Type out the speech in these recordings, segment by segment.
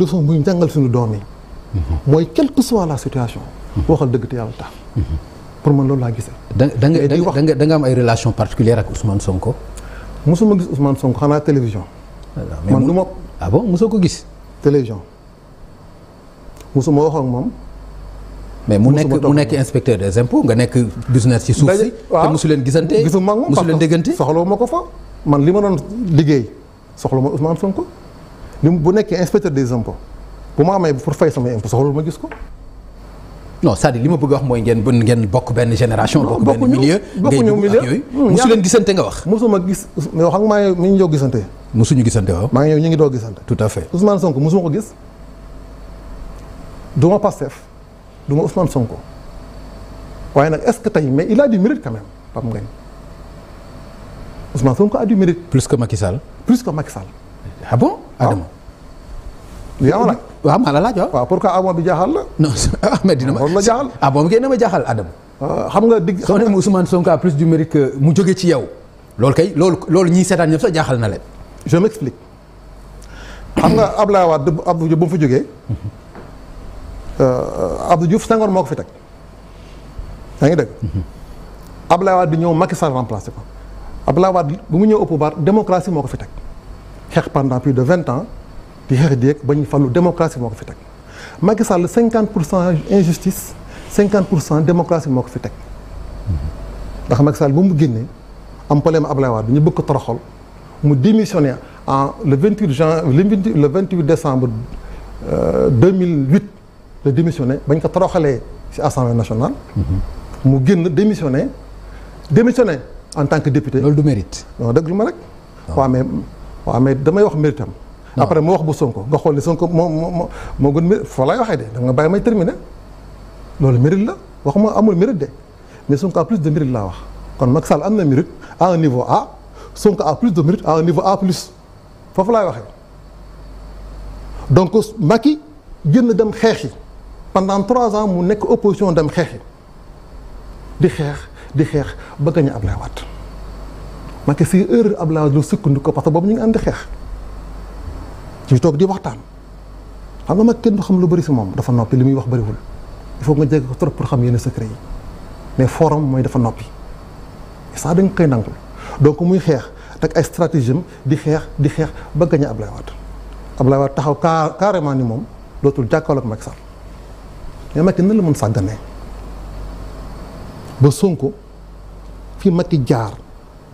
lu bu ñu jàngal suñu doom yi. Mhm. mooy quelle que la situation. Mhm. waxal dëgg yàlla tax. Mhm. pour man loolu laa gisee. da da nga da nga am ay relation particulière ak Ousmane Sonko. ma gis Ousmane Sonko xanaa télévision. man lu ma ah bon ko gis. télévision su ma ak moom. mais mu nekk mu nekk inspecteur des impôts nga nekk business ci suuf si. te mosu leen gisante gisuma ak moom parce soxla soxlawuma ko fa man li ma doon liggéey soxlawuma Ousmane Sonko. li bu nekkee inspecteur des impôts bu ma amee pour fay samay impôts soxla ma gis ko. non cest à li ma bëgg wax mooy ngeen bën ngeen bokk benn génération. bokk benn milieu bokkuñu bokkuñu milieu. Hmm, mosu leen gisante nga wax. mosuma gis mais wax nga maa ngi ñu doog gisante. gisante maa ngi ñëw ñu ngi doog gisante. tout à fait Ousmane Sonko mosuma ko gis du ma Pastef du ma Ousmane waaye nag est-ce que tey mais il a du mérite quand même Pape Ngagne Ousmane Sonko a du mérite. plus que Macky Sall. plus que Macky Sall. ah bon ah. Adama. yaa a laaj waaw maa la laaj waaw. waaw pourquoi Adama bi jaaxal la. non ah mais dina ma la jaaxal. ah bon kay na jaaxal Adama. Ah, xam nga digg soo ne mu Ousmane Sonko a plus du mérite mu jóge ci yow. loolu kay loolu loolu ñiy seetaan ñëpp sax jaaxal na leen. je m'explique. xam nga Abdoulaye Wade Abdou Diouf ba mu fa jógee. Euh, Abdou Diouf Senghor moo ko fi teg. yaa ngi dégg. Mhm. Abdoulaye Wade di ñëw Macky Sall remplacé bu mu ñëw au pouvoir démocratie moo ko fi teg. xeex pendant plus de vingt ans di xeex di yegg ba ñu fàllu démocratie moo ko fi teg Macky Sall cinquante pour cent injustice cinquante pour cent démocratie moo ko fi teg ndax Macky Sall bu mu génnee am problème Ablaye Wade ñu bëgg ko toroxal mu démissionné en le vingt huit janvier le vingt huit décembre euh, deux mille huit la démissionné bañ ko toroxalee ci assemblée nationale. Mm-hmm. mu génn démissionné démissionné en tant que député. loolu du mérite. non dëgg lu ma rek. waaw mais damay wax mbir après mu wax bu Sonko nga xool ni Sonko moo moo moo gën mbir lay waxee de da nga bàyyi may terminer loolu mérite la waxuma amul mérite de mais Sonko a plus de mérite laa wax kon Macky Sall am na mérite à niveau A Sonko a plus de mérite à un foofu laay waxee donc Macky génn dem xeexi pendant trois ans mu nekk opposition dem xeexi di xeex di xeex ba gañ Ablaye Wade Macky si heure Abdoulaye Wade sukkandiku parce que boobu ñu ngi ànd xeex ñu toog di waxtaan xam nga mag kenn du xam lu bari si moom dafa noppi li muy wax bëriwul il nga jege ko trop pour xam yenn secret yi mais forum mooy dafa noppi saa da nga koy donc muy xeex teg ay stratégie di xeex di xeex ba gañ a Abdoulaye Wade Abdoulaye Wade taxaw carrément ni moom dootul jàkkaarloog Macky Sall mais Macky na la mën sàgganee ba Sonko fi Macky jaar.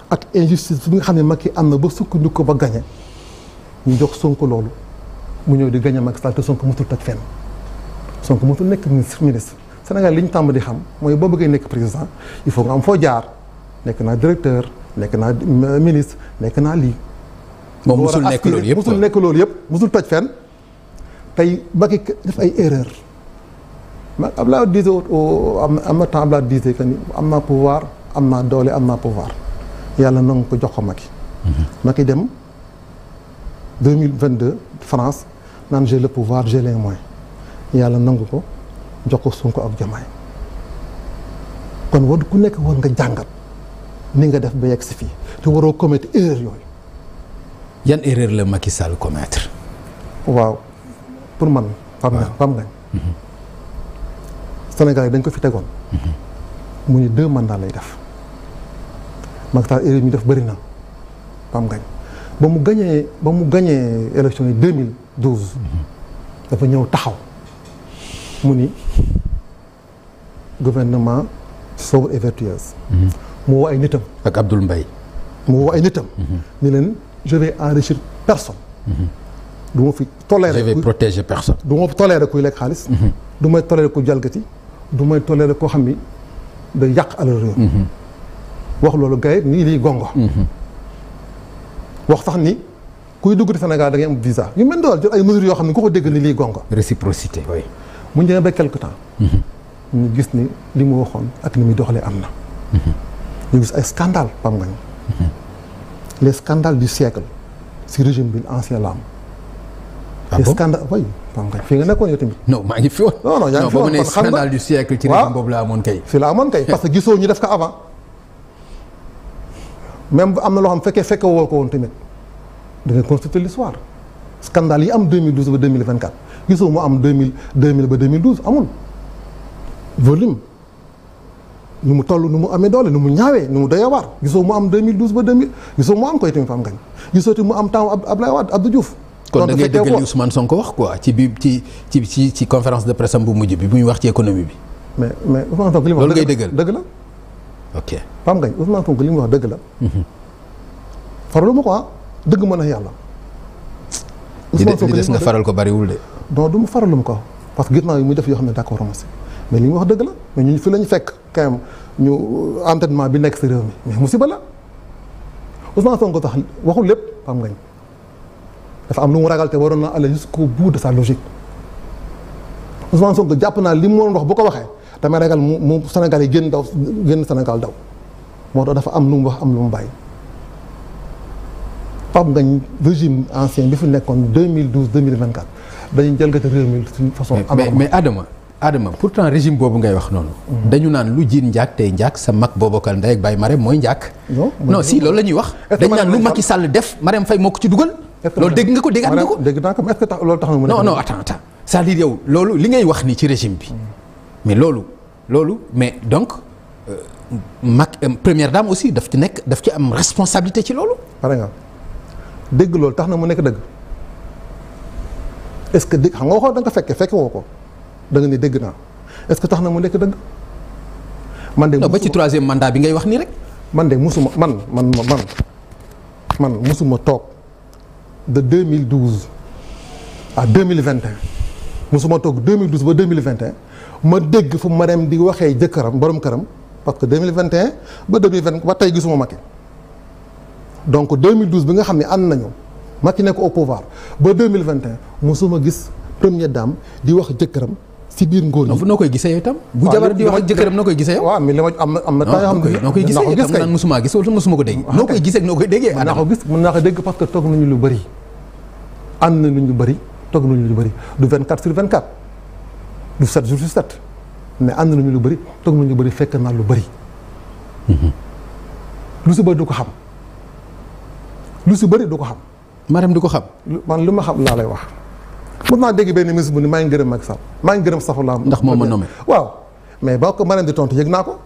ak injustice bi nga xam ne Macky am na ba sukkandiku ko ba gañe ñu jox Sonko loolu mu ñëw di gañe Macky Sall te Sonko mutul toj fenn Sonko mutul nekk ministre ministre Sénégal li ñu tàmm di xam mooy boo bëggee nekk président il faut nga am foo jaar nekk naa directeur nekk naa ministre nekk naa lii moom musul nekk loolu yëpp musul nekk loolu yëpp musul toj fenn tey Macky def ay erreur ma Abdoulaye Wade disait am na temps Abdoulaye Wade disait que am naa pouvoir am naa doole am naa pouvoir yàlla nangu ko jox ko Macky. Mhm. Macky dem 2022 France naan j'ai le pouvoir j'ai les moyens yàlla nangu ko jox ko Sonko ak Diomaye kon war ku nekk war nga jàngat ni nga def ba yegg si fii te waroo commettre erreur yooyu. yan erreur la Macky Sall commettre. waaw pour man. pam nga pam nga. Sénégal dañ ko fi tegoon. Mhm. mu ni deux mandats lay def. Macky Sall erreur ñu def bëri na ba mu gañ ba mu gañee ba mu gañee élection yi dafa ñëw taxaw mu ni gouvernement sobre et mu woo ay nitam ak Abdoul mbay mu woo ay nitam ni leen je vais enrichir personne du ma fi tolérer je vais protéger ma fi tolérer kuy lekk xaalis mhm. du may tolérer ku jalgati du may tolérer koo xam ni day yàq alal réew wax loolu gayet nii lii gongo wax sax ni kuy dugg ci Sénégal da ngay am visa yu mel dool jël ay mesures yoo xam ne ku ko dégg ni lii gongo réciprocité oui mu njëriñ ba quelque temps mhm. ñu gis ni li mu waxoon ak ni muy doxalee am na mhm. ñu gis ay scandale pam ngañ mhm. les scandales du siècle si régime bi ancien la am ah bon scandale oui pam ngañ fii nga nekkoon yow tamit non maa ngi fi woon non non yaa fi woon scandale du siècle ci régime boobu la amoon kay fi la amoon kay parce que gisoo même bu am na loo xam fekkee fekkee woo ko woon tamit da nga constituer l'histoire scandale yi am 2012 ba 2024 gisoo mu am ba amul volume nu mu toll nu mu amee doole nu mu ñaawee nu mu doyee waar gisoo mu am 2012 ba 2000 gisoo mu am koy tamit fa am ngañ gisoo tamit mu am temps Abdoulaye Wade Abdou Diouf. kon da ngay dëggal li Ousmane Sonko wax quoi ci bi ci ci ci conférence de presse am bu mujj bi bu wax ci économie bi. mais mais Ousmane Sonko loolu ngay dëggal dëgg la. ok Pape Ngagne Ousmane Sonko li mu wax dëgg la. Mhm. faralu ma ko ah dëgg ma na yàlla. Ousmane Sonko li des nga faral ko bariwul de. non du ma ko ah. parce que gis naa muy def yoo xam ne d'accord si mais li mu wax dëgg la mais ñun fi lañu fekk quand même ñu euh, entêtement bi nekk si réew mi mais musiba la Ousmane Sonko sax waxul lépp Pape Ngagne dafa am lu mu ragal te waroon na aller jusqu'au bout de sa logique. Ousmane Sonko jàpp naa li mu waroon wax bu ko waxee damay ragal mu mu Sénégal yi génn daw génn Sénégal daw moo tax dafa am lu mu wax am lu mu bàyyi. Pape Ngagne régime ancien bi fi nekkoon 2012 2024 dañuy jalgati réew mi suñu façon. mais mais Adama. Adama pourtant régime boobu ngay wax noonu. Mm-hmm. dañu naan lu jiin njaak tey njaak sa mag boobakal ndey ak Baye Marème mooy njaak. non si loolu la ñuy wax. dañu naan lu Macky Sall def Marème Faye moo ko ci dugal. loolu dégg nga ko déggaat nga ko. dégg naa ko mais c'est-à-dire yow loolu li ngay wax nii ci régime bi mais loolu loolu mais donc euh, mag euh, première dame aussi daf ci nekk daf ci am responsabilité ci loolu. pare nga dégg loolu tax na mu nekk dëgg est-ce que dégg xam nga waxoon da nga ko fekke fekke woo ko danga ne dégg naa est-ce que tax na mu nekk dëgg. man de ba ci troisième mandat bi ngay wax nii rek. man de musuma man man man man musuma toog de 2012 à 2021. musuma toog 2012 ba 2021 ma dégg fu Marème di waxee jëkkëram borom këram parce que 2021 ba 2020 ba tey gisuma Macky donc 2012 bi nga xam ne ànd nañu Macky nekk au pouvoir ba 2021 musuma gis première dame di wax jëkkëram ci biir ngóor yi. noo koy gisee yow itam. bu jabar di wax jëkkëram noo koy gisee yow. waaw mais li ma am na am na temps yoo xam ne. noo koy ko dégg. noo koy gisee ak ah, noo koy déggee. mën naa ko gis mën naa ko dégg parce que toog nañu lu bëri ànd nañu lu bëri. togg nañu lu bari du 24 sur 24 du 7 jours sur 7 mais na nañu lu bari togg nañu lu bari fekk naa lu bëri. Mhm. lu si bëri du ko xam lu si bëri du ko xam. Marème du ko xam. man lu ma xam laa lay wax. mën naa dégg benn ministre bu ne maa ngi gërëm Macky Sall maa ngi gërëm Safar laa. ndax moom ma nommé waaw mais boo ko di tontu yëg naa ko.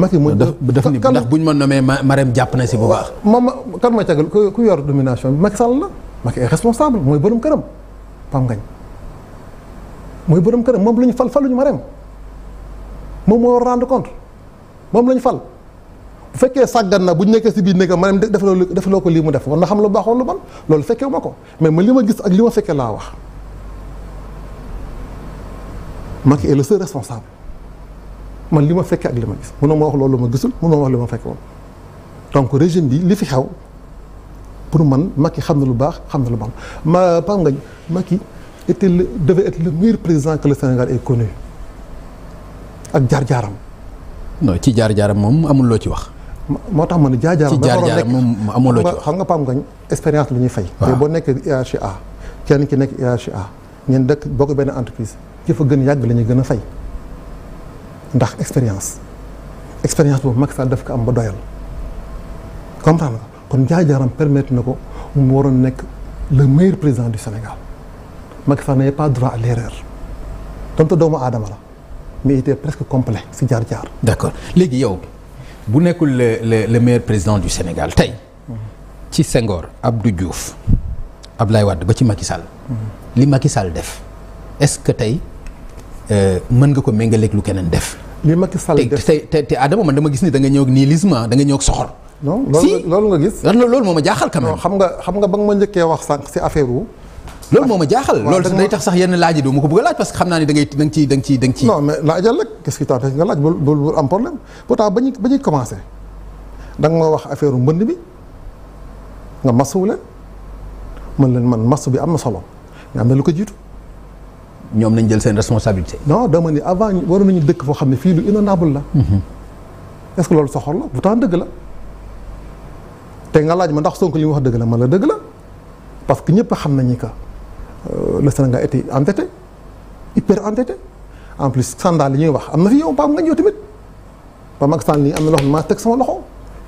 Macky mooy daf ni ndax buñ ma nommé Marème jàpp na si bu baax. moom kan ma cagal ku yor domination bi Macky Sall la Macky est responsable mooy borom këram Pam Ngañ borom këram moom la ñu fal faluñu Marème moom moo rendre compte moom la fal. bu fekkee sàggan na bu ñu nekkee si biir nekk Marème def loo def loo ko lii mu def war na xam lu baax wala lu bon loolu fekkee ma ko mais ma li ma gis ak li ma fekkee laa wax Macky est le seul responsable. man li ma fekkee ak li ma gis mënoo ma wax loolu ma gisul mënoo ma wax li ma fekke woon donc régime bi li fi xew pour man Macky xam na lu baax xam na lu baax ma Pape Ngagne Macky était le devait être le meilleur le Sénégal ait ak jaar-jaaram. ci jaar-jaaram moom amul loo ci wax. moo tax ma ne jaar-jaaram. ci jaar-jaaram moom amul loo ci wax xam nga Pape Ngagne expérience la ñuy fay. waaw boo nekkee IHA kenn ki nekk IHA ñeen dëkk ko benn entreprise ki fa gën yàgg la ñuy gën a fay. ndax expérience expérience boobu Macky Sall daf ko am ba doyal comprendre nga kon jaar-jaaram permettre na ko mu waroon nekk le meilleur président du Sénégal Macky Sall n'avait pas droit à l'erreur donte doomu aadama la mais il était presque complet si jaar-jaar. d'accord léegi yow bu nekkul le le le meilleur président du Sénégal tey ci Senghor Abdou Diouf Abdoulaye Wade ba ci Macky Sall. Mm-hmm. li Macky Sall def est-ce que tey. Euh, mën nga ko méngaleeg lu keneen def. li Macky Sall def te te te Adama man dama gis ni da nga ñëw ak nihilisme da nga ñëw ak soxor. non loolu loolu nga gis. loolu moo ma jaaxal quand même. xam nga xam nga ba nga ma njëkkee wax sànq si affaire loolu moo ma jaaxal loolu day tax sax yenn laaj yi doo ma ko bëgg a laaj parce que xam naa ni da ngay da nga ciy da nga ciy da nga ciy. non mais laajal rek nga laaj bul bul am problème pourtant ba ba ñuy commencé da ma wax affaire mbënd bi nga masuwu leen man leen man masu bi am na solo nga am na lu ko jiitu ñoom nañ jël seen responsabilité. non dama ni avant waroon nañu dëkk foo xam ne fii lu inondable la. Mhm. est-ce que loolu soxor la pourtant dëgg la. te nga laaj ma ndax Sonko li mu wax dëgg la ma la dëgg la parce que ñëpp xam nañ nañu que euh, le Sénégal était endetté hyper endetté en plus scandale li ñuy wax am na fi yow Pape nga ñëw tamit Pape Macky Sall nii am na loo xam ne teg sama loxo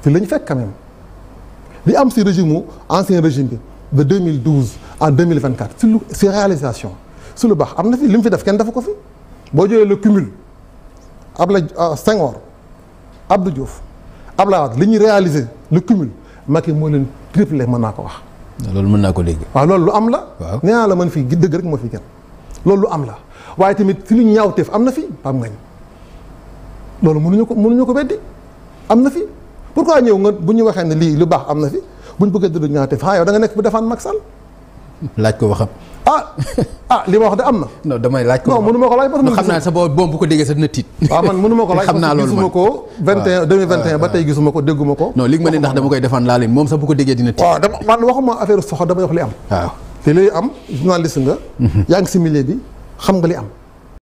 si la ñu fekk quand même li am si régime mu ancien régime bi de 2012 à 2024 si lu si réalisation. su lu baax am na fi li mu fi def kenn dafa ko fi boo jëlee le cumul Ablaye euh, Senghor Abdou ab la Wade li ñu réaliser le cumul Macky moo leen triplé mën naa ko wax. loolu mën naa ko léegi waaw loolu lu am la. waaw la man fii dëgg rek moo fi kenn loolu am la waaye tamit si lu ñaawteef am na fi pam ngañ loolu mënuñu ko mënuñu ko weddi am na fi pourquoi ñëw nga bu ñu waxee ne lii lu baax am na fi bu ñu bëggee dëgg ñaawteef ah yow da nekk bu defaan mag Sall laaj ko waxam. ah ah li ma wax de am na. non damay laaj ko non mënu ko laaj parce que. xam bu ko déggee sa dina tiit. waaw ah, man mënu ko laaj xam ah. ah, ba tey gisuma ko dégguma ko. non li nga ma ne ndax dama koy defaan laale moom sax bu ko déggee dina tiit. waaw man waxuma affaire soxla damay wax li am. waaw te li am journaliste nga. Mhm. yaa ngi si milieu bi xam nga li am.